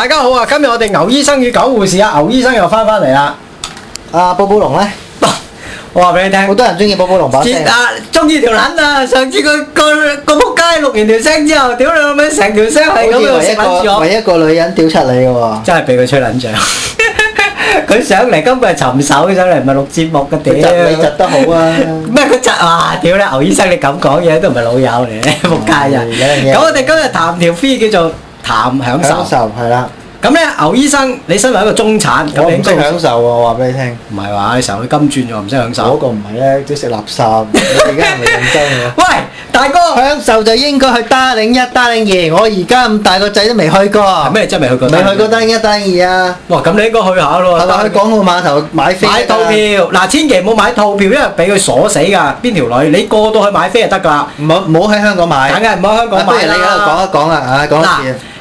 大家好啊！今日我哋牛醫生與狗護士啊，牛醫生又翻翻嚟啦。阿布布龍咧，我話俾你聽，好多人中意布布龍把聲。中意條捻啊！上次佢個個仆街錄完條聲之後，屌你老味，成條聲係咁樣。唯一一個女人屌出嚟嘅喎，真係俾佢吹捻子。佢上嚟根本係尋手上嚟，唔係錄節目嘅。屌，你窒得好啊！咩？佢窒啊！屌你，牛醫生，你咁講嘢都唔係老友嚟，仆街人。咁我哋今日談條飛叫做。談享受係啦，咁咧牛醫生，你身為一個中產，我唔識享受喎，我話俾你聽，唔係話你成日去金鑽就唔識享受。嗰個唔係咧，只食垃圾，你而家係咪認真？喂，大哥，享受就應該去 Darling 一 Darling 二，我而家咁大個仔都未去過，咩真未去過？未去過 Darling 一 Darling 二啊！哇，咁你應該去下咯，係咪去港澳碼頭買飛買套票？嗱，千祈唔好買套票，因為俾佢鎖死噶。邊條女？你過到去買飛就得噶啦，唔好唔好喺香港買，梗係唔好喺香港買。不如你喺度講一講啦，啊，講一。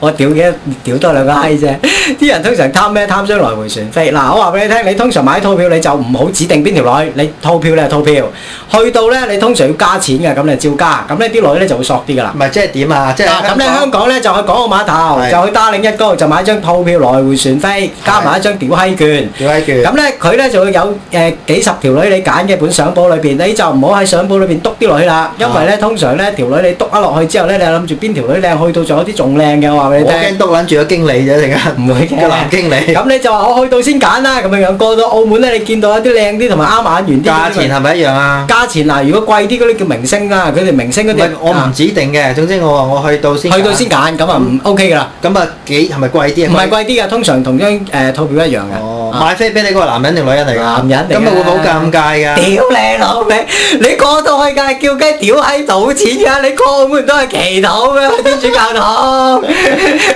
我屌嘅，屌多兩個閪啫！啲人通常貪咩？貪張來回船飛嗱，我話俾你聽，你通常買套票你就唔好指定邊條女，你套票你係套票，去到咧你通常要加錢嘅，咁你照加，咁咧啲女咧就會索啲噶啦。唔係即係點啊？即係咁咧，香港咧就去港澳碼頭，就去 darling 一哥，就買張套票來回船飛，加埋一張屌閪券。屌閪券。咁咧佢咧就會有誒幾十條女你揀嘅本相簿裏邊，你就唔好喺相簿裏邊篤啲女啦，因為咧通常咧條女你篤一落去之後咧，你諗住邊條女靚，去到咗。啲仲靚嘅，我話俾你聽。我驚篤住個經理啫，定家唔會嘅男經理。咁你就話我去到先揀啦，咁樣樣過到澳門咧，你見到一啲靚啲同埋啱埋啲。啱眼緣，價錢係咪一樣啊？價錢嗱，啊，如果貴啲嗰啲叫明星啦，佢哋明星嗰啲。我唔指定嘅，啊、總之我話我去到先。去到先揀，咁啊唔 OK 㗎啦。咁啊幾係咪貴啲啊？唔係貴啲啊？通常同張誒套票一樣嘅。哦買飛俾你嗰個男人定女人嚟㗎？男人，咁咪會好尷尬㗎。屌你老味，你過到去梗係叫雞屌閪賭錢㗎，你過澳門都係祈禱嘅天主教堂，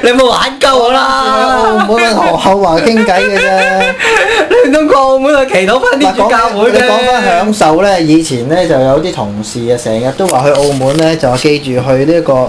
你冇玩鳩我啦！唔好問學後話傾偈嘅啫。你唔通過澳門去祈禱翻天主教會咩？你講翻享受咧，以前咧就有啲同事啊，成日都話去澳門咧，就記住去呢個誒誒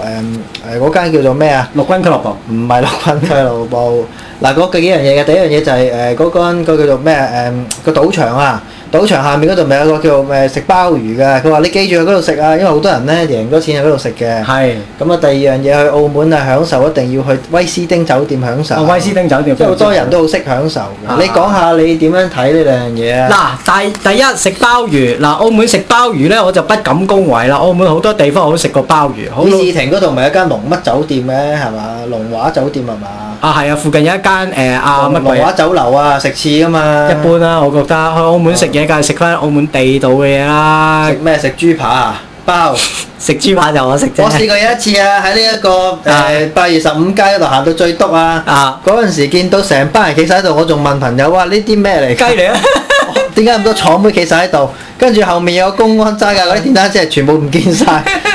嗰間叫做咩啊？陸軍俱樂部，唔係陸軍俱樂部。嗱，嗰幾樣嘢嘅第一樣嘢就係誒，嗰間嗰叫做咩？誒、呃、個賭場啊。賭場下面嗰度咪有個叫誒食鮑魚嘅，佢話你記住去嗰度食啊，因為好多人咧贏咗錢喺嗰度食嘅。係是。咁啊，第二樣嘢去澳門啊，享受一定要去威斯汀酒店享受。啊、威斯汀酒店好是多人都好識享受。啊、你講下你點樣睇呢兩樣嘢。嗱，第第一食鮑魚嗱、啊，澳門食鮑魚咧，我就不敢恭維啦。澳門好多地方我都食過鮑魚。好，威斯汀嗰度咪有間龍乜酒店嘅係嘛？龍華酒店係嘛？啊係啊，附近有一間誒阿乜龍華酒樓啊，食翅㗎嘛。一般啦、啊，我覺得去澳門食、嗯你梗係食翻澳門地道嘅嘢啦！食咩？食豬扒？啊！包食 豬扒就我食啫。我試過有一次啊，喺呢一個誒八月十五街度行到最篤啊！嗰陣、啊、時見到成班人企晒喺度，我仲問朋友：哇，呢啲咩嚟？雞嚟來啊！點解咁多廠妹企晒喺度？跟住後面有公安揸㗎，嗰啲電單車全部唔見晒。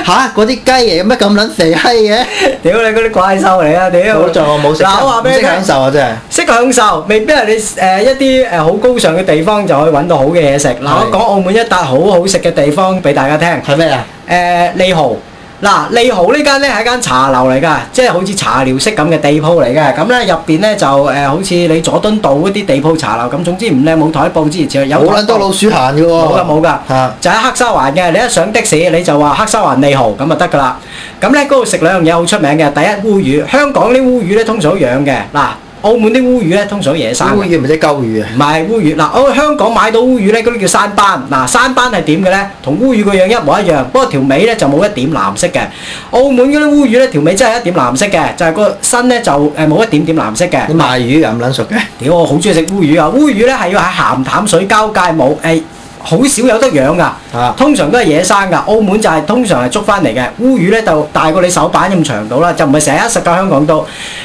嚇！嗰啲雞嚟，有乜咁撚肥閪嘅？屌你嗰啲怪獸嚟啊！屌！好在我冇食。嗱，我話俾你聽，識享受啊真係。識享受未必係你誒一啲誒好高尚嘅地方就可以揾到好嘅嘢食。嗱，我講澳門一笪好好食嘅地方俾大家聽，係咩啊？誒利豪。嗱，利豪呢間咧係間茶樓嚟噶，即係好似茶寮式咁嘅地鋪嚟嘅。咁咧入邊咧就誒、呃，好似你佐敦道嗰啲地鋪茶樓咁，總之唔靚，冇台布之而前，有好捻多老鼠行嘅喎、哦？冇噶冇噶，是的 就喺黑沙環嘅，你一上的士你就話黑沙環利豪咁就得噶啦。咁咧嗰度食兩樣嘢好出名嘅，第一烏魚，香港啲烏魚咧通常都養嘅，嗱。澳門啲烏魚咧，通常野生嘅。烏魚唔係啲鳩魚啊。唔係烏魚，嗱，我香港買到烏魚咧，嗰啲叫山斑。嗱，山斑係點嘅咧？同烏魚個樣一模一樣，不過條尾咧就冇一點藍色嘅。澳門嗰啲烏魚咧，條尾真係一點藍色嘅，就係個身咧就誒冇一點點藍色嘅。你賣魚咁撚熟嘅？屌，我好中意食烏魚啊！烏魚咧係要喺鹹淡水交界冇誒。好少有得養噶，通常都係野生噶。澳門就係通常係捉翻嚟嘅烏魚咧，就大過你手板咁長到啦，就唔係成日食架。香港都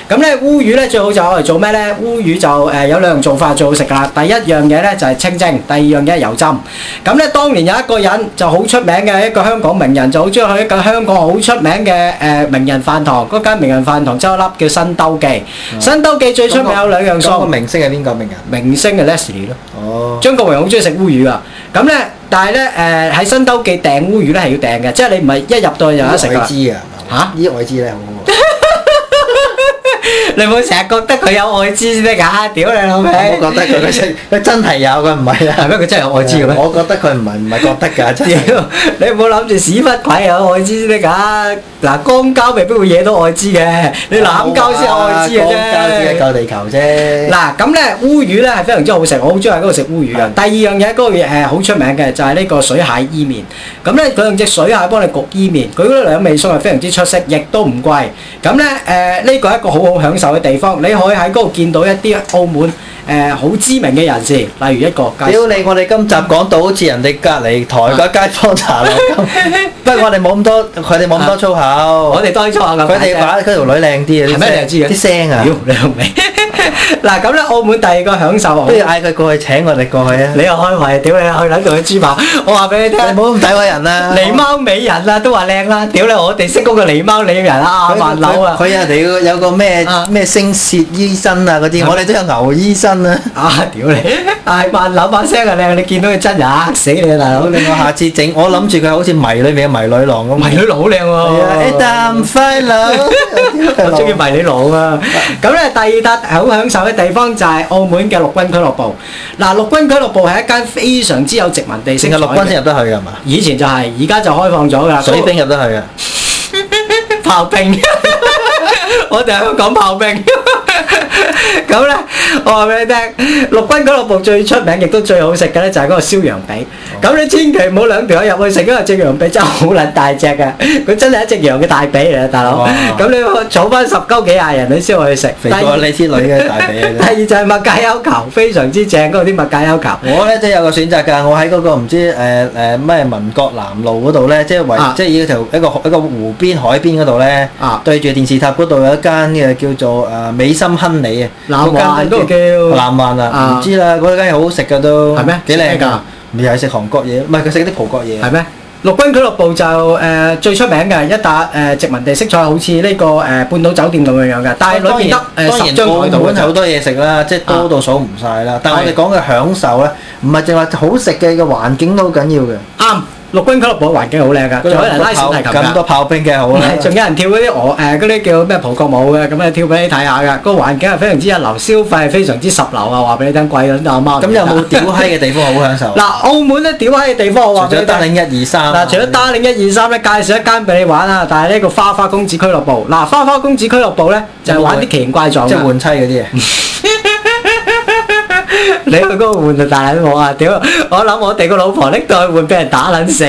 咁咧，烏魚咧最好就攞嚟做咩咧？烏魚就誒有兩樣做法最好食噶啦。第一樣嘢咧就係清蒸，第二樣嘢係油浸。咁咧當年有一個人就好出名嘅一個香港名人，就好中意去一個香港好出名嘅誒名人飯堂嗰間名人飯堂周，有一粒叫新兜記。嗯、新兜記最出名有兩樣餸。明星係邊個名，名人？明星係 Leslie 咯。哦。張國榮好中意食烏魚啊。咁咧，但係咧，誒、呃、喺新兜記訂烏魚咧係要訂嘅，即係你唔係一入到去就有得食㗎。外資啊，嚇蛤？依啲外資咧好 你唔好成日覺得佢有愛滋先得㗎，屌你老味！我覺得佢真佢真係有，佢唔係啊，不過佢真係有愛滋嘅。我覺得佢唔係唔係覺得㗎，屌！你唔好諗住屎忽鬼有愛滋先得㗎，嗱，光交未必會惹到愛滋嘅，你攬交先有愛滋嘅啫。光交只舊地球啫。嗱，咁咧烏魚咧係非常之好食，我好中意喺嗰度食烏魚嘅。第二樣嘢嗰個嘢係好出名嘅，就係呢個水蟹伊麵。咁咧佢用隻水蟹幫你焗伊麵，佢嗰啲兩味餸係非常之出色，亦都唔貴。咁咧誒呢個係一個好好享。受嘅地方，你可以喺嗰度見到一啲澳門誒好知名嘅人士，例如一個。屌你！我哋今集講到好似人哋隔籬台嘅街坊茶樓咁，不過我哋冇咁多，佢哋冇咁多粗口。我哋多啲粗口。佢哋話嗰條女靚啲啊！咩靚啲啊？啲聲啊！屌你老味！嗱咁咧，澳門第二個享受啊，不如嗌佢過去請我哋過去啊！你又開胃，屌你去睇度去豬扒，我話俾你聽，唔好咁睇我人啊。狸貓美人啊，都話靚啦，屌你，我哋識嗰個狸貓美人啊，萬柳啊，佢啊屌，有個咩咩姓薛醫生啊嗰啲，我哋都有牛醫生啊。啊屌你！係萬扭把聲啊靚，你見到佢真人嚇死你啊大佬！我下次整，我諗住佢好似迷女咪迷女郎咁，迷女郎好靚喎。係啊，一擔 fine 女。我中意迷女郎啊！咁咧，第二笪係好享受嘅地方就係澳門嘅陸軍俱樂部。嗱，陸軍俱樂部係一間非常之有殖民地色彩。嘅陸軍先入得去噶嘛？以前就係，而家就開放咗噶。水兵入得去嘅。炮兵。我哋係香港炮兵。咁咧，我話俾你聽，陸軍俱樂部最出名亦都最好食嘅咧，就係嗰個燒羊髀。咁你千祈唔好兩條友入去食，因為隻羊髀真係好撚大隻嘅，佢真係一隻羊嘅大髀嚟啊，大佬。哇！咁你坐翻十鳩幾廿人你先去食。第二，你啲女嘅大髀啊。第二就係物價優球，非常之正嗰啲物價優球。我咧真係有個選擇㗎，我喺嗰個唔知誒誒咩民國南路嗰度咧，即係圍即係要就一個一個湖邊、海邊嗰度咧，對住電視塔嗰度有一間嘅叫做誒美心亨利。南灣都叫南灣啦，唔知啦，嗰間嘢好好食噶都。係咩？幾靚㗎？又係食韓國嘢，唔係佢食啲葡國嘢。係咩？陸軍俱樂部就誒最出名嘅一笪誒殖民地色彩，好似呢個誒半島酒店咁樣樣嘅。但係裏邊得誒十張枱，好多嘢食啦，即係多到數唔晒啦。但係我哋講嘅享受咧，唔係淨係好食嘅，個環境都好緊要嘅。啱。陸軍俱樂部環境好靚噶，仲有人拉手提琴，咁多炮兵嘅好啊！仲有人跳嗰啲俄誒啲叫咩葡國舞嘅，咁啊跳俾你睇下噶。個環境係非常之一流，消費係非常之十流啊！話俾你聽，貴啊，阿媽，媽。咁有冇屌閪嘅地方好享受？嗱、 啊，澳門咧屌閪嘅地方，我話俾你聽、啊。除咗打領一二三，嗱，除咗打領一二三咧，介紹一間俾你玩啊！但係呢個花花公子俱樂部，嗱、啊，花花公子俱樂部咧就係、玩啲奇形怪狀嘅換妻嗰啲嘢。 你去嗰度換就大卵我啊！屌，我諗我哋個老婆拎到去換俾人打撚死。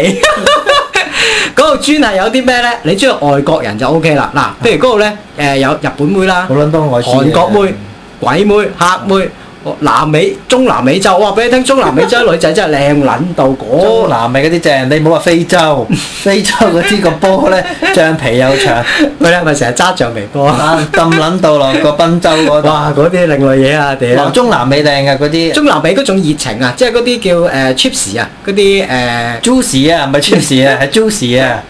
嗰 度專係有啲咩咧？你中意外國人就 O K 啦。嗱，譬如嗰度咧，誒、呃、有日本妹啦，多外韓國妹、嗯、鬼妹、黑妹。嗯哦、南美、中南美洲，我話俾你聽，中南美洲女仔真係靚捻到嗰、哦、南美嗰啲正，你唔好話非洲， 非洲嗰啲個波咧，橡皮又長，佢哋係咪成日揸橡皮波啊？咁捻到落個賓州嗰，哇，嗰啲另外嘢啊，地。中南美靚啊，嗰啲，中南美嗰種熱情啊，即係嗰啲叫誒、呃、chips 啊，嗰啲誒、呃、juice 啊，唔係 chips 啊，係 juice 啊。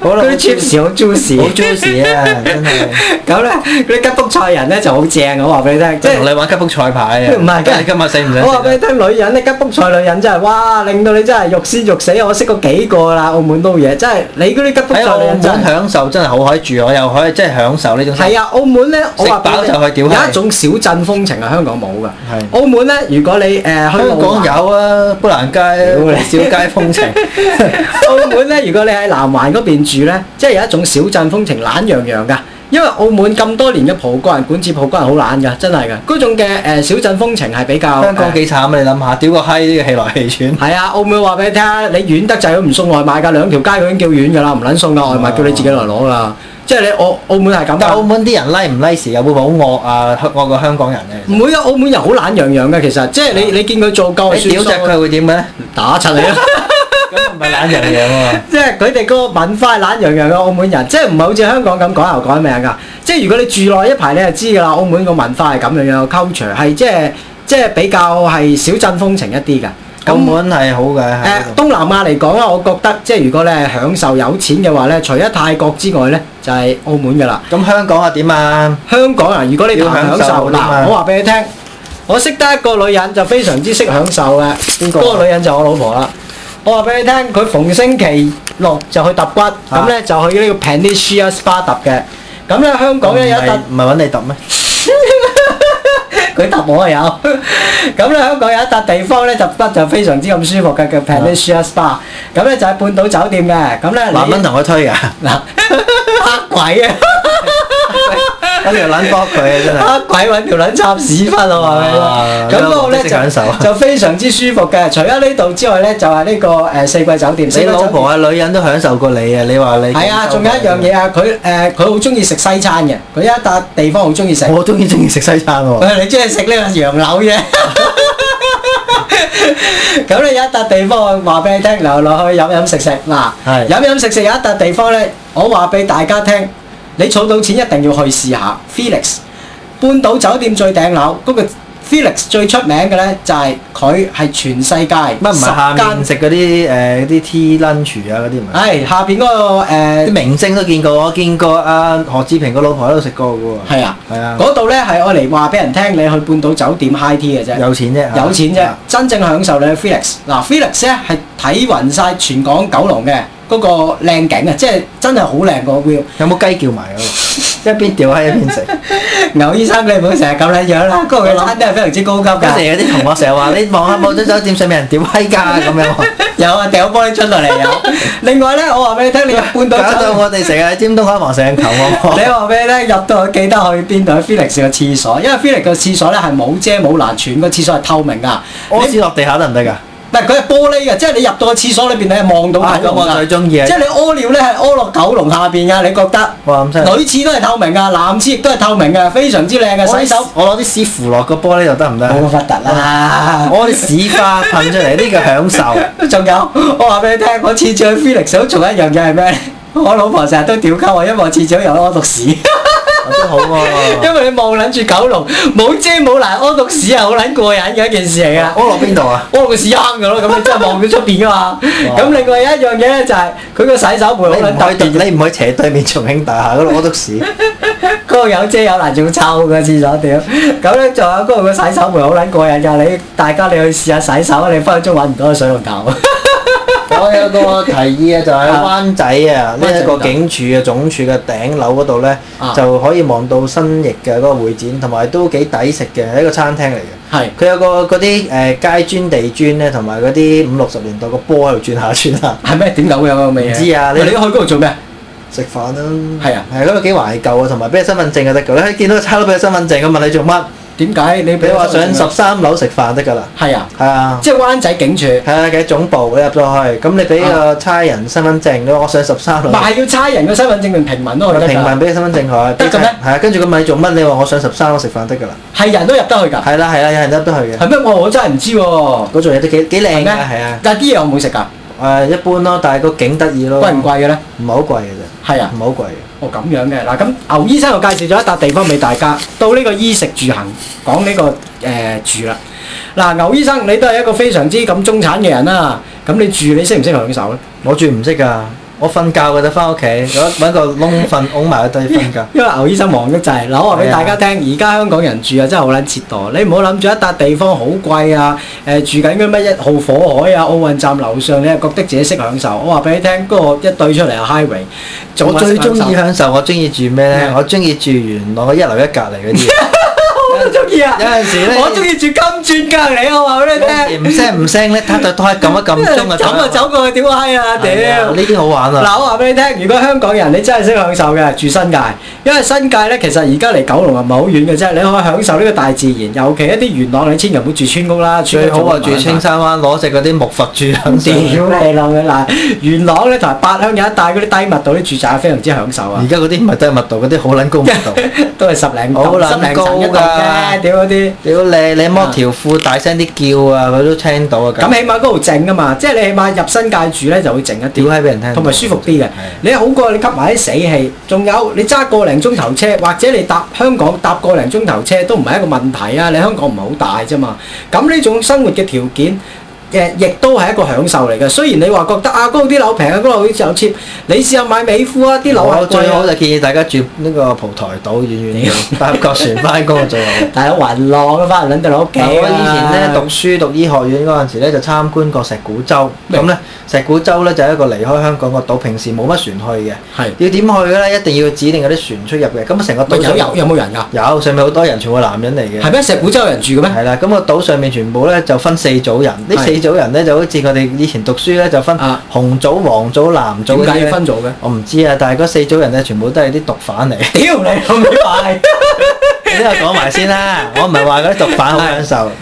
好啦，嗰啲 cheap 士好 juicy，好 juicy 啊！真係咁咧，嗰啲吉卜賽人咧就好正，我話俾你聽，即係你玩吉卜賽牌啊！唔係今日今日死唔死？我話俾你聽，女人咧吉卜賽女人真係哇，令到你真係欲仙欲死！我識過幾個啦，澳門都好嘢，真係你嗰啲吉卜賽女人真係好享受，真係好可以住，我又可以真係享受呢種生活係啊！澳門咧，我話飽就去屌，有一種小鎮風情啊，香港冇㗎。係澳門咧，如果你誒香港有啊，砵蘭街小街風情。澳門咧，如果你喺南環嗰邊。住咧，即係有一種小鎮風情，懶洋洋噶。因為澳門咁多年嘅葡國人管治，葡國人好懶噶，真係噶嗰種嘅誒小鎮風情係比較。香港幾慘啊！你諗下，屌個閪，氣來氣喘。係啊，澳門話俾你聽，你遠得滯佢唔送外賣㗎，兩條街已經叫遠㗎啦，唔撚送嘅外賣，叫你自己嚟攞㗎啦。即係你澳澳門係咁。但澳門啲人拉唔拉時又會好惡啊？惡過香港人咧？唔會啊！澳門人好懶洋洋嘅，其實即係你你見佢做夠。你屌隻佢會點咧？打柒你啊！唔係懶洋洋喎，即係佢哋個文化懶洋洋嘅澳門人，即係唔係好似香港咁改頭改命噶。即係如果你住落一排，你就知噶啦。澳門文個文化係咁樣樣，culture 係即係即係比較係小鎮風情一啲噶。澳門係好嘅。誒那，呃、東南亞嚟講咧，我覺得即係如果咧享受有錢嘅話咧，除咗泰國之外咧，就係、是、澳門噶啦。咁香港啊點啊？香港啊，如果你要享受嗱，我話俾你聽，我識得一個女人就非常之識享受嘅，嗰、啊、個女人就我老婆啦。我話俾你聽，佢逢星期六就去揼骨，咁咧就去呢個 Peninsula SPA 揼嘅。咁咧香港咧有一笪，唔係揾你揼咩？佢揼我又有。咁咧香港有一笪地方咧揼骨就非常之咁舒服嘅，叫 Peninsula SPA。咁咧就喺半島酒店嘅。咁咧萬蚊同佢推嘅嗱，嚇鬼啊！揾條卵剝佢啊！真係鬼揾條卵插屎忽啊！係咪咁我咧就，就非常之舒服嘅。除咗呢度之外咧，就係、是、呢、這個誒、呃、四季酒店。你老婆啊，女人都享受過你啊？你話你係啊？仲有一樣嘢啊！佢誒，佢好中意食西餐嘅。佢有一笪地方好中意食。我中意中意食西餐喎。你中意食呢個羊柳嘅？咁你有一笪地方，我話俾你聽，留落去飲飲食食。嗱，係飲飲食食有一笪地方咧，我話俾大家聽。你儲到錢一定要去試下，Felix，半島酒店最頂樓嗰、嗰個 Felix 最出名嘅咧就係佢係全世界十間食嗰啲誒啲 tea lunch、er、啊嗰啲咪係下邊嗰、嗰個明、呃、星都見過，我見過阿、啊、何志平個老婆都食過嘅喎。係啊，係啊，嗰度咧係愛嚟話俾人聽，你去半島酒店 high tea 嘅啫，有錢啫，有錢啫，啊、真正享受你去 Felix、啊。嗱，Felix 咧係睇勻晒全港九龍嘅。嗰個靚景啊，即係真係好靚個，有冇雞叫埋嗰度？ 一邊屌喺一邊食。牛醫生你唔好成日咁樣樣啦，嗰、嗯、個餐廳真係非常之高級㗎。成有啲同學成日話你望下望張酒店上面人屌閪㗎咁樣有有，有啊，掉玻璃出嚟有。另外咧，我話俾你聽，你一般都搞到我哋成日尖東開黃石頭喎。你話你咧？入到去記得去邊度去？Felix 個廁所，因為 Felix、個廁所咧係冇遮冇欄，全個廁所係透明㗎。我試落地下得唔得㗎？唔係佢係玻璃嘅，即係你入到個廁所裏邊，你係望到佢。啊、我最鍾意嘅。即係你屙尿咧，係屙落九龍下邊㗎。你覺得女廁都係透明㗎，男廁亦都係透明㗎，非常之靚嘅。洗是手，我攞啲屎扶落、個玻璃又得唔得？冇咁發達啦！我啲屎花 噴出嚟，呢、呢個享受。仲有，我話俾你聽，我次次去 Felix 仲有一樣嘢係咩？我老婆成日都屌鳩我，因為我次次又屙毒屎。 都好喎，因為你望撚住九龍冇遮冇欄屙督屎啊，好撚過癮嘅一件事嚟噶。屙落邊度啊？屙個屎閤我咯，咁你真係望唔到出邊噶嘛？咁另外有一樣嘢咧，就係佢個洗手盆好撚特別。你唔可以斜對面重慶大廈嗰度屙督屎，嗰度有遮有欄仲臭嘅廁所，點咁咧？仲有嗰個洗手盆好撚過癮噶，你大家你去試下洗手啊！你分分鐘揾唔到個水龍頭。 我有個提議啊，就喺 灣仔啊，呢一個警署嘅總署嘅頂樓嗰度咧，啊、就可以望到新翼嘅嗰個會展，同埋都幾抵食嘅，一個餐廳嚟嘅。係是，佢有個嗰啲誒街磚地磚咧，同埋嗰啲五六十年代個波喺度轉下轉下。係咩？點解會有個味嘅？唔知啊！你，你去嗰度做咩？食飯啊！係啊，係嗰度幾懷舊啊，同埋俾你身份證就得嘅啦。見到個差佬俾你身份證，佢問你做乜？點解你俾我上十三樓食飯得㗎啦？係啊，係啊，即係灣仔警署。係啊，警總部入咗去，咁你俾個差人身份證，你話我上十三樓。咪係要差人個身份證定平民都得㗎？平民俾個身份證佢得㗎啊，跟住佢問你做乜？你話我上十三樓食飯得㗎啦？係人都入得去㗎？係啦係啦，係得入去嘅。係咩？我真係唔知喎。嗰種嘢都幾幾靚嘅，係啊。但係啲嘢我冇食㗎。誒，一般咯，但係個景得意咯。貴唔貴嘅咧？唔係好貴嘅啫。係啊，唔係好貴。哦，咁樣嘅嗱，咁牛醫生又介紹咗一笪地方俾大家，到呢個衣食住行講呢、這個誒、呃、住啦。嗱，牛醫生你都係一個非常之咁中產嘅人啦，咁你住你識唔識享受咧？我住唔識噶。我瞓覺嘅就翻屋企，搵搵個窿瞓，拱埋一對瞓覺。 因為牛醫生忙得滯，嗱我話俾大家聽，而家 香港人住啊，真係好撚折墮，你唔好諗住一笪地方好貴啊！誒、呃、住緊咩乜一號火海啊，奧運站樓上，你係覺得自己識享受。我話俾你聽，嗰、那個一對出嚟啊，highway 我最中意享受，我中意住咩咧？ 我中意住原來我一樓一隔離嗰啲。 有陣時咧，我中意住金磚㗎，你我話俾你聽，唔聲唔聲咧，他再拖一撳一撳鍾啊，走啊走過去屌閪啊，屌！呢啲好玩啊！嗱，我話俾你聽，如果香港人你真係識享受嘅，住新界，因為新界咧其實而家嚟九龍係唔係好遠嘅啫，你可以享受呢個大自然，尤其一啲元朗你千祈，唔好住村屋啦，最好啊住青山灣攞只嗰啲木佛住，咁你諗吓嗱！元朗咧同埋八鄉有一帶嗰啲低密度啲住宅，非常之享受啊！而家嗰啲唔係低密度，嗰啲好撚高密度，都係十零好撚高噶。屌嗰啲，屌你！你剝條褲，是的 大聲啲叫啊，佢都聽到啊。咁起碼嗰度靜啊嘛，即係你起碼入新界住咧就會靜一。屌閪俾人聽，同埋舒服啲嘅。是的 你好過你吸埋啲死氣，仲有你揸個零鐘頭車，或者你搭香港搭個零鐘頭車都唔係一個問題啊！你香港唔係好大啫嘛。咁呢種生活嘅條件。誒，亦都係一個享受嚟嘅。雖然你話覺得啊，嗰度啲樓平啊，嗰度好似有錢，你試下買美孚啊，啲樓又貴。我最好就建議大家住呢個蒲台島，遠遠搭個船翻嗰個最遠。係雲浪翻嚟兩條佬屋企啊！以前咧讀書讀醫學院嗰陣時咧，就參觀過石鼓洲咁咧。石鼓洲咧就係一個離開香港個島，平時冇乜船去嘅。係要點去嘅咧？一定要指定嗰啲船出入嘅。咁啊，成個島有有冇人㗎？有上面好多人，全部男人嚟嘅。係咩？石鼓洲有人住嘅咩？係啦。咁個島上面全部咧就分四組人，呢四。四組人咧就好似我哋以前讀書咧就分紅組、黃組、藍組咁樣分組嘅，我唔知啊。但係嗰四組人咧全部都係啲毒販嚟了。屌 你咁快，你又講埋先啦。我唔係話嗰啲毒販好享受，是的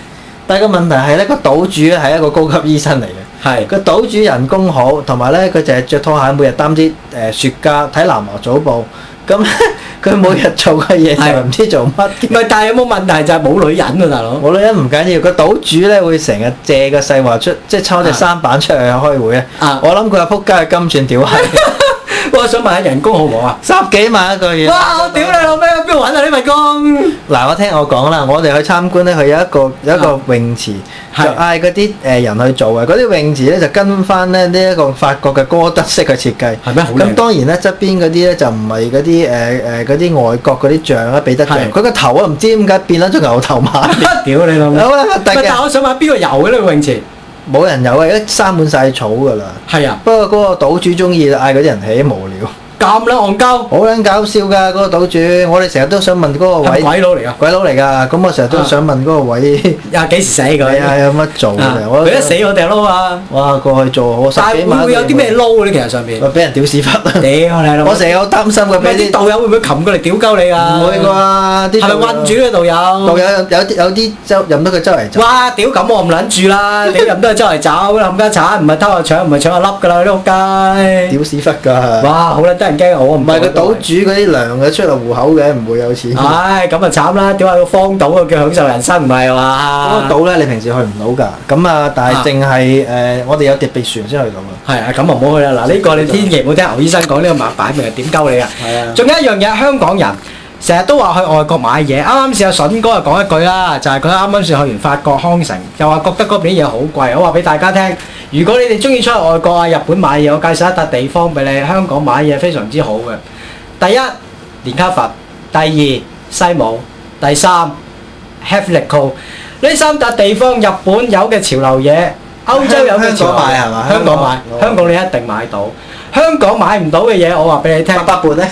但係個問題係咧個島主係一個高級醫生嚟嘅。係個島主人工好，同埋咧佢淨係着拖鞋，每日擔啲誒雪茄睇南華早報。咁佢 每日做嘅嘢就唔知做乜唔係，但係有冇問題就係、是、冇女人啊，大佬！冇女人唔緊要，個島主咧會成日借個細話出，即係抽隻三板出嚟開會啊！我諗佢係撲街嘅金鑽屌係。 我想問下人工好唔好啊？十幾萬一個月。哇！我屌你老味，去邊度揾啊呢份工？嗱，我聽我講啦，我哋去參觀咧，佢有一個有一個泳池，啊、就嗌嗰啲誒人去做嘅。嗰啲泳池咧就跟翻咧呢一個法國嘅歌德式嘅設計，係咩嗎？咁好當然咧側邊嗰啲咧就唔係嗰啲誒誒嗰啲外國嗰啲像啦，彼得嘅。佢個是頭啊唔知點解變咗做牛頭馬面。屌 你老味！好啦，但係我想問邊個遊嘅呢個泳池？冇人有啊！一生滿曬草噶啦，係啊，不過嗰個島主中意啦，嗌嗰啲人起無聊。咁撚戇鳩，好撚搞笑㗎嗰個賭主，我哋成日都想問嗰個位。係鬼佬嚟㗎，鬼佬嚟㗎，咁我成日都想問嗰個位。啊幾時死佢？係啊，有乜做啊？佢一死我哋撈嘛。哇，過去做我。但會唔會有啲咩撈嗰啲？其實上邊。咪俾人屌屎忽咯！屌我成日好擔心個咩？咪啲導友會唔會擒過嚟屌鳩你啊？冇啊，啲。係咪混住嗰啲導友？導友有有啲有啲周任得佢周圍走。哇！屌咁，我唔撚住啦！你任得佢周圍走，冚家鏟，唔係偷啊搶，唔係搶啊笠㗎啦，碌街！屌屎忽㗎！哇！好啦，得。人驚我，唔係個島主嗰啲糧嘅是出嚟糊口嘅，唔會有錢，哎。唉，咁啊慘啦！點解個荒島個叫享受人生唔係嘛？嗰個島咧，你平時去唔到噶。咁啊，但係淨係誒，我哋有特別船先去到啊。係啊，咁啊冇去啦。嗱了，呢個你千祈唔好聽牛醫生講呢個麻擺明係點鳩你啊！係啊，仲有一樣嘢，香港人。成日都話去外國買嘢，啱啱先阿筍哥又講一句啦，就係佢啱啱先去完法國康城，又話覺得嗰邊嘢好貴。我話俾大家聽，如果你哋中意出去外國啊、日本買嘢，我介紹一笪地方俾你，香港買嘢非常之好嘅。第一，連卡佛；第二，西武；第三，Harvey Nichols。呢 三笪地方，日本有嘅潮流嘢，歐洲有嘅潮牌係嘛？香港買，香港你一定買到。香港買唔到嘅嘢，我話俾你聽。八佰伴咧。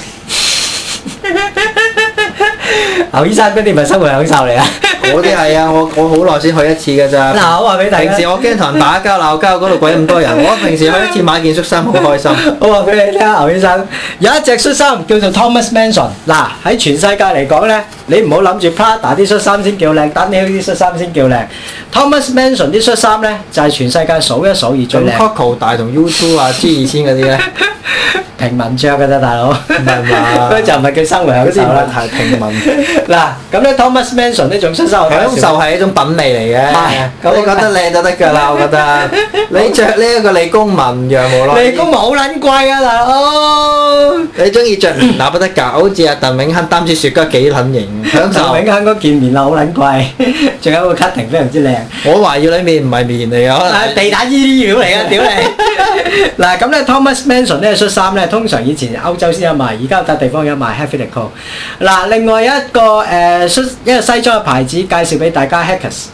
牛醫生嗰啲唔係生活享受嚟啊！ 我啲係啊，我我好耐先去一次噶咋。嗱， 我話俾你聽。平時我驚同人打交、鬧交，嗰度鬼咁多人。 我平時去一次買件恤衫好開心。 我話俾你聽，牛醫生有一隻恤衫叫做 Thomas Mansion 嗱，喺全世界嚟講咧。你唔好諗住 Prada 啲恤衫先叫靚，Dolce 啲恤衫先叫靚。Thomas Mason 啲恤衫咧，就係全世界數一數二最靚。同 Coco 大同 U2 啊，G2000 嗰啲咧，平民著嘅啫，大佬。唔係嘛？咁就唔係叫生活享受啦，太平民。嗱，咁咧 Thomas Mason 呢種恤衫，享受係一種品味嚟嘅。咁我覺得靚就得㗎啦，我覺得。你著呢一個李公文樣冇耐。李公好撚貴啊，大佬！你中意著那不得噶，好似阿鄧永鏘擔支雪茄幾撚型。梁壽永香港見面啦，好撚貴。仲有個 cutting 非常之靚。我話要裏面唔係棉嚟㗎。啊，地毯衣料嚟㗎，屌你！嗱咁咧，Thomas Manson 咧，恤衫咧，通常以前歐洲先有賣，而家有笪地方有賣。Hafidicall。嗱，另外一個誒恤，一個西裝嘅牌子，介紹俾大家。Hackers。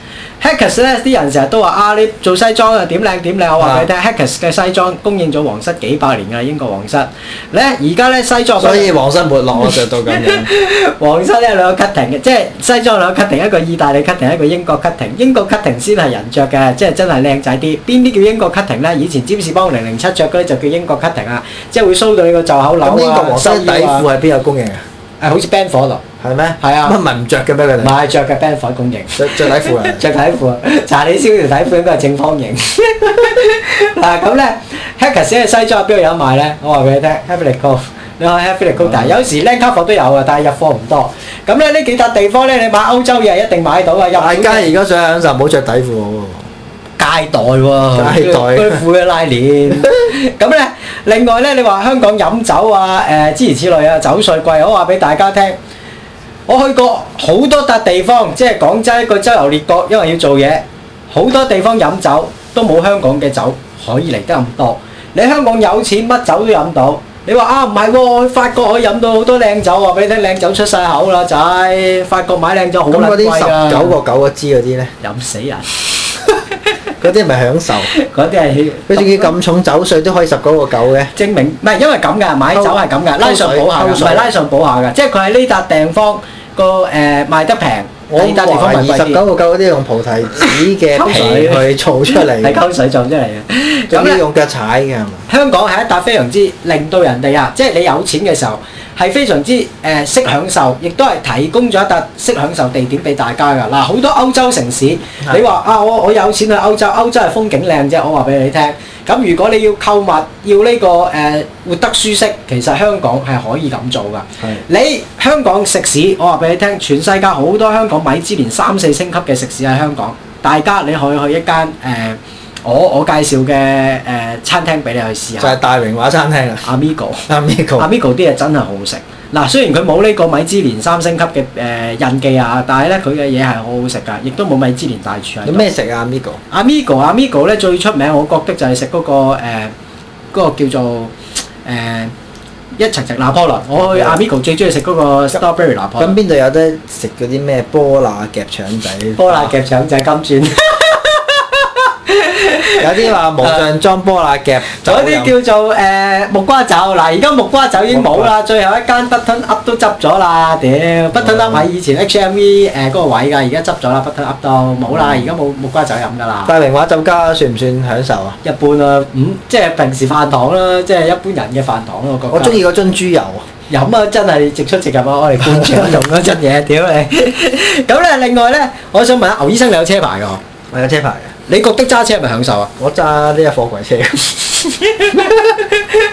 Hackers 咧，啲人成日都話啊，你做西裝啊，點靚點靚。我話你聽，Hackers 嘅西裝供應咗皇室幾百年㗎，英國皇室。咧而家咧西裝，所以皇室沒落，我著到咁樣。皇室咧兩。cutting 嘅，即係西裝兩個 cutting，一個意大利 cutting，一個英國 cutting。英國 cutting 先係人著嘅，即係真係靚仔啲。邊啲叫英國 cutting 咧？以前占士邦零零七著嗰啲就叫英國 cutting 啊，即係會 show 到你個袖口紐啊，即係底褲係邊有供應啊？誒，好似 band 火落，係咩？係啊，乜唔着嘅咩嚟？唔係着嘅 band 火供應，着底褲啊，着底褲啊。查理斯嗰條底褲應該係正方形。嗱咁咧，Hackett 先嘅西裝邊度有得賣咧？我話俾你聽，Happy Go。你喺 Affinity 高大，有時 Level 貨都有啊，但係入貨唔多。咁咧呢幾笪地方咧，你買歐洲嘢一定買到啊！大家而家想享受，唔好著底褲，街袋喎，啲褲嘅拉鏈。咁咧，另外咧，你話香港飲酒啊，誒，諸如此類啊，酒稅貴，我話俾大家聽，我去過好多笪地方，即係廣州一個周遊列國，因為要做嘢，好多地方飲酒都冇香港嘅酒可以嚟得咁多。你香港有錢，乜酒都飲到。你話啊，唔係喎，法國可以飲到好多靚酒啊！俾你聽，靚酒出曬口啦，仔！法國買靚酒好難買啊！十九個九嗰支嗰啲咧，飲死人！嗰啲唔係享受，嗰啲係。佢仲要咁重酒稅都可以十九個九嘅，證明唔係因為咁㗎，買酒係咁㗎，拉上補下㗎，唔係拉上補下㗎，即係佢喺呢笪地方個誒賣得平。我懷疑二十九個九啲用菩提子嘅湯水去造出嚟，係溝水做出嚟嘅，仲要用腳踩嘅樣。香港係一笪非常之令到人哋啊，即係你有錢嘅時候係非常之誒識享受，亦都係提供咗一笪識享受地點俾大家㗎。嗱，好多歐洲城市，你話是的 啊，我我有錢去歐洲，歐洲係風景靚啫，我話俾你聽。咁如果你要購物，要呢、這個誒、呃、活得舒適，其實香港係可以咁做噶。係。你香港食肆，我話俾你聽，全世界好多香港米芝蓮三四星級嘅食肆喺香港。大家你可以去一間誒、呃，我我介紹嘅誒、呃、餐廳俾你去試下，就係大榮華餐廳。Amigo，Amigo，Amigo 啲嘢真係好食。嗱，雖然佢冇呢個米芝蓮三星級嘅誒、呃、印記啊，但係咧佢嘅嘢係好好食㗎，亦都冇米芝蓮大廚。有咩食啊？Amigo 阿 Amigo 阿 Amigo 咧，最出名，我覺得就係食嗰個誒嗰、呃那個叫做誒、呃、一層層拿破崙。我去阿 Amigo 最中意食嗰個 strawberry 拿破崙。咁邊度有得食嗰啲咩波娜夾腸仔？ 波娜夾腸仔金鑽。 有啲話無像裝波啦夾，嗰啲叫做誒、呃、木瓜酒。嗱，而家木瓜酒已經冇啦，瓜最後一間 Bottoms Up 都執咗啦。屌、嗯，Bottoms Up 係以前 H M V 誒嗰個位㗎，而家執咗啦，Bottoms Up 都冇啦，而家冇木瓜酒飲㗎啦。大明話酒家算唔算享受啊？一般啦，五即係平時飯堂啦，即係一般人嘅飯堂咯。我我中意嗰樽豬油飲啊，真係直出直入啊，我哋灌住啊， 用嗰樽嘢屌你。咁咧，另外咧，我想問下牛醫生，你有車牌㗎？我有車牌。你覺得揸車係咪享受啊？我揸呢一貨櫃車。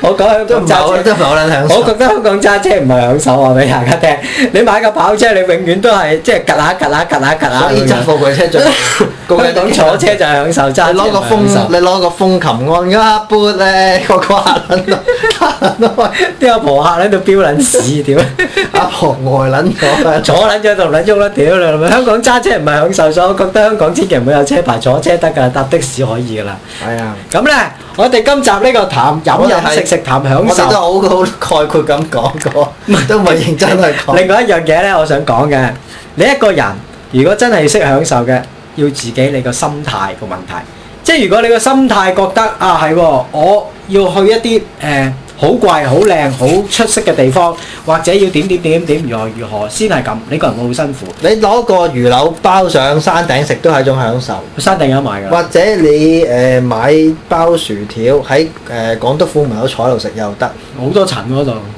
我講香港揸車唔係好撚享受，我覺得香港揸車唔係享受啊！話俾大家聽，你買架跑車，你永遠都係即係趌下趌下趌下趌下，依就駕駛車最。香港坐車就享受，揸你攞個風你攞個風琴安一杯咧，個個嚇撚到嚇撚到，啲阿婆客喺度飆撚屎點啊！阿婆外撚咗，坐撚咗喺度唔撚喐啦，屌你！香港揸車唔係享受，所以我覺得香港千祈唔好有車牌，坐車得噶，搭的士可以噶啦。係啊，咁咧。我哋今集呢個談飲飲食食談享受，我都好概括咁講過， 是都唔係認真去講。另外一樣嘢咧，我想講嘅，你一個人如果真係識享受嘅，要自己你個心態個問題。即係如果你個心態覺得啊係喎，我要去一啲誒、呃好貴、好靚、好出色嘅地方，或者要點點點點如何如何先係咁，你個人會好辛苦。你攞個魚柳包上山頂食都係一種享受。山頂有得賣㗎。或者你誒、呃、買包薯條喺誒、呃、廣督府門口坐喺度食又得。好多塵嗰度。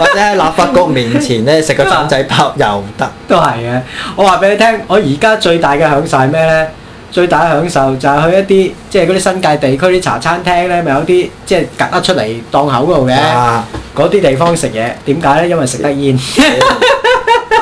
或者喺立法局面前咧食個腸仔包又得。都係嘅。我話俾你聽，我而家最大嘅享受係咩呢？最大嘅享受就係去一啲即係嗰啲新界地區啲茶餐廳咧，咪有啲即係隔得出嚟檔口嗰度嘅，嗰啲哇地方食嘢。點解咧？因為食得煙、嗯。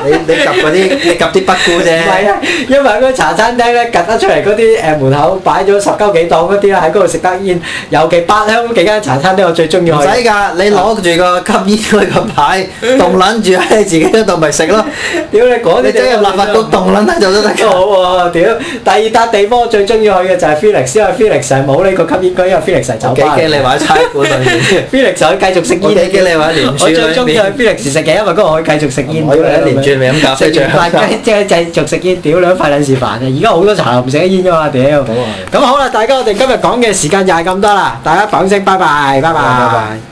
你你吸嗰啲你吸啲不顧啫，唔係啊！因為嗰茶餐廳咧，趌得出嚟嗰啲誒門口擺咗十鳩幾檔嗰啲啊，喺嗰度食得煙尤其八鄉。咁幾間茶餐廳我最中意去，唔使㗎，你攞住個吸煙嗰個牌，棟撚住喺你自己嗰度咪食咯。屌，你講你真係立法都棟撚喺度都得嘅好喎。屌，第二笪地方我最中意去嘅就係 Felix，因為 Felix 係冇呢個吸煙區，因為 Felix 成走翻。幾驚你買出嚟？Felix 仲可以繼續食煙，你驚你買連住啦。我最中意去 Felix 食嘅，因為嗰度可以繼續食煙，我買連住。食完塊雞繼續食煙，屌兩塊兩時飯嘅。而家、嗯、好多茶樓唔食煙嘅嘛，屌。咁好啦，大家我哋今日講嘅時間就係咁多啦，大家講聲拜拜，拜拜。拜拜。